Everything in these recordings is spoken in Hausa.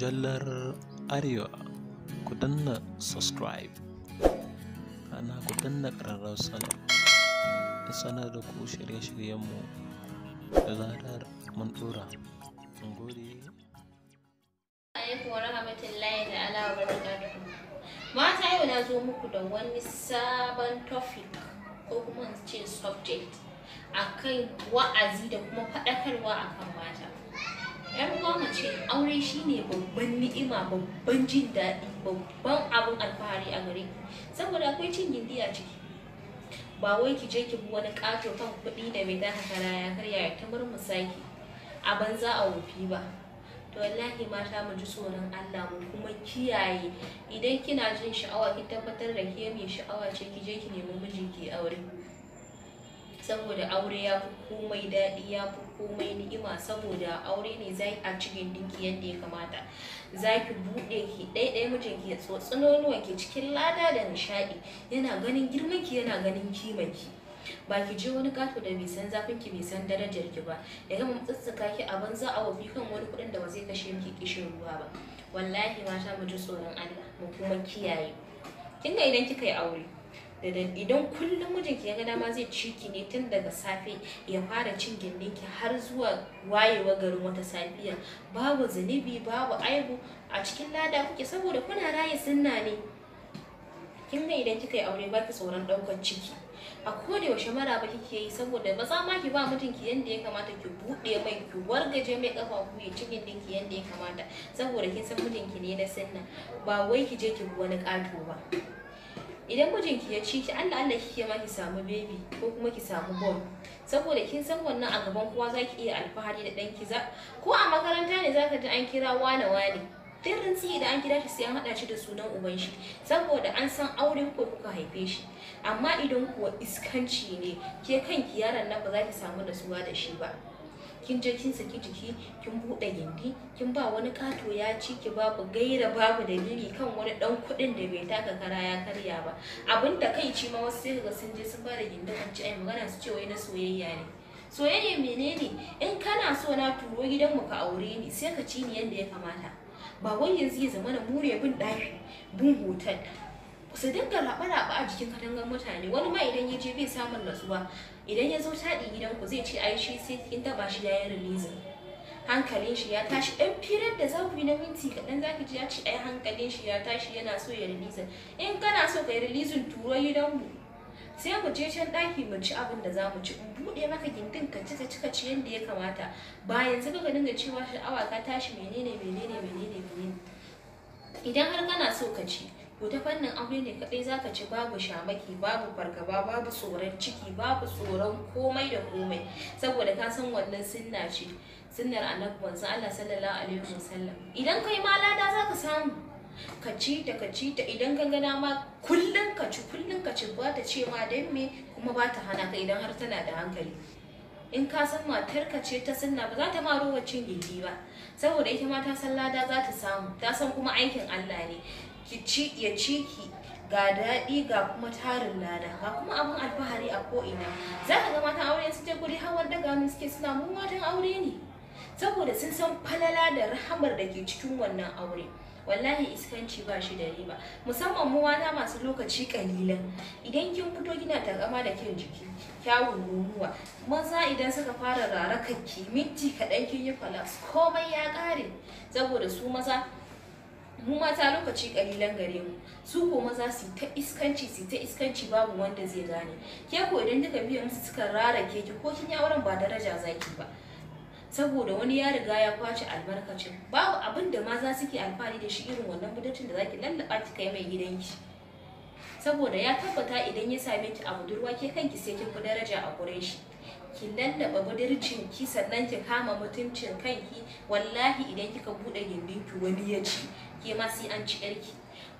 mujallar Arewa ku danna subscribe ana ku danna ƙararrawar sanar da sanar da ku shirye-shiryenmu da zarar mun ɗora. gode. Alaikum wa rahmatullahi da Mata yau na zo muku da wani sabon topic ko kuma ce subject akan wa'azi da kuma faɗakarwa akan mata. 'yan ce, aure shine babban ni'ima babban jin daɗi babban abin alfahari a gare ku saboda akwai cin gindiya ciki ba wai ki je ki bi wani ƙato kan kuɗi da mai daka kara ya karya ya ta saki a banza a wofi ba to wallahi mata mu ji tsoron Allah mu kuma kiyaye idan kina jin sha'awa ki tabbatar da ke mai sha'awa ce ki je ki nemi mijinki aure saboda aure ya fi komai daɗi ya fi komai ni'ima saboda aure ne za a cikin dinki yadda ya kamata za ki buɗe ki ɗaiɗai mijin ki tsotsinonuwa ki cikin lada da nishaɗi yana ganin girman ki yana ganin kiman ki ba ki je wani kato da bai san zafin ki bai san darajar ki ba ya gama tsitsika ki a banza a wafi kan wani kuɗin da ba zai kashe miki kishin ruwa ba wallahi mata mu ji tsoron Allah mu kuma kiyaye kin idan kika yi aure idan kullum mijinki ya ga dama zai ci ki ne tun daga safe ya fara cin gindinki har zuwa wayewa garin wata safiya babu zunubi babu aibu a cikin lada kuke saboda kuna raye sunna ne kin ga idan kika yi aure ba ki tsoron ɗaukar ciki a koda yaushe maraba kike yi saboda ba za ma ki ba mijinki yanda ya kamata ki buɗe mai ki wargaje mai kafa ku ya cikin ki yanda ya kamata saboda kin san mijinki ne na sunna ba wai ki je ki bu wani kato ba idan mijinki ya ci ki Allah Allah kike ma ki samu baby ko kuma ki samu bom saboda kin san wannan a gaban kowa zaki iya alfahari da danki za ko a makaranta ne zaka ji an kira wane wane duk rintsi idan an kira shi sai an haɗa shi da sunan uban shi saboda an san aure ko kuka haife shi amma idan kuwa iskanci ne ke kanki yaron nan ba za ki samu da suwa da shi ba kin je kin saki jiki kin buɗe gindi kin ba wani kato ya ci ki babu gaira babu dalili kan wani ɗan kuɗin da bai taka kara ya karya ba abin da kai ci ma wasu sai ga sun je sun fara gindi kan ci ai magana su ce wai na soyayya ne soyayya menene in kana so na turo gidan mu ka aure ni sai ka ci ni yadda ya kamata ba wai yanzu ya zama na mure bin ɗaki bin hotel su dinga raba-raba a jikin katangar mutane wani ma idan ya je bai samun natsuwa idan ya zo taɗi ku zai ce ai shi sai in taba shi ya yi releasing hankalin shi ya tashi ɗan firar da za ku yi na minti kaɗan za ki ji ya ce ai hankalin shi ya tashi yana so ya releasing in kana so ka yi releasing turo gidanmu sai mu je can ɗaki mu ci abin da za mu ci buɗe maka gindin ka ci ka ci yadda ya kamata ba yanzu ka dinga cewa sha'awa ka tashi menene menene menene menene idan har kana so ka ci ko ta fannin aure ne kaɗai zaka ci babu shamaki babu fargaba babu tsoron ciki babu tsoron komai da komai saboda ka san wannan sunna ce sunnar annabi manzo Allah sallallahu alaihi wasallam idan kai ma lada zaka samu ka ci ta ka ci ta idan ka ga dama kullun ka ci kullun ka ci ba ta ce ma dan me kuma ba ta hana ka idan har tana da hankali in ka san ka ce ta sunna ba za ta ma rowa cin gindi ba saboda ita ma ta san lada za ta samu ta san kuma aikin Allah ne ki ya ciki ga daɗi ga kuma tarin lada ga kuma abin alfahari a ko'ina za ka ga matan aure su je guri hawar da ganu suke suna mun matan aure ne saboda sun san falala da rahamar da ke cikin wannan aure wallahi iskanci ba shi da riba musamman mu mata masu lokaci kalilan idan kin fito kina takama da kyan jiki kyawun nonuwa maza idan suka fara rarakanki minti kaɗan kin yi kwalas komai ya ƙare saboda su maza mu mata lokaci kalilan gare mu su ko maza su ta iskanci su ta iskanci babu wanda zai gane ke ko idan kika biya musu suka rara ke ki ko kin auren ba daraja zaki ba saboda wani ya riga ya kwace albarkacin babu abin da maza suke alfahari da shi irin wannan budurcin da zaki lallaba ki kai mai ki saboda ya tabbata idan ya same ki a budurwa ke kanki sai kin fi daraja a gurin shi ki lallaba budurcin ki sannan ki kama mutuncin kanki wallahi idan kika bude gindin ki wani ya ci ke ma sai an ci yarki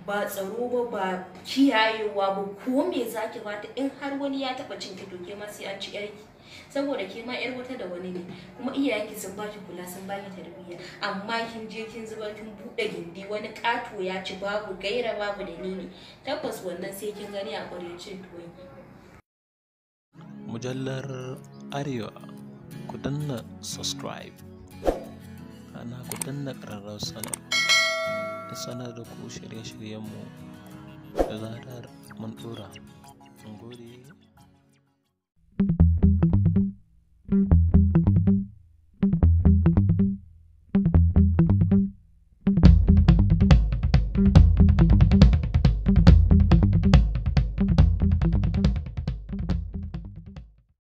ba tsaro ba ba kiyayewa ba ko me zaki bata in har wani ya taba cin ki to ke ma sai an ci yarki saboda ke ma yar wata da wani ne kuma iyayenki sun ki kula sun ki tarbiyya amma kin je kin zubar kin bude gindi wani kato ya ci babu gaira babu dalili tabbas wannan sai kin gani a cin tuwon mujallar arewa ku danna subscribe ana ku danna ƙararrawar sanarwa sanar da ku shirye-shiryenmu da zarar mun dora.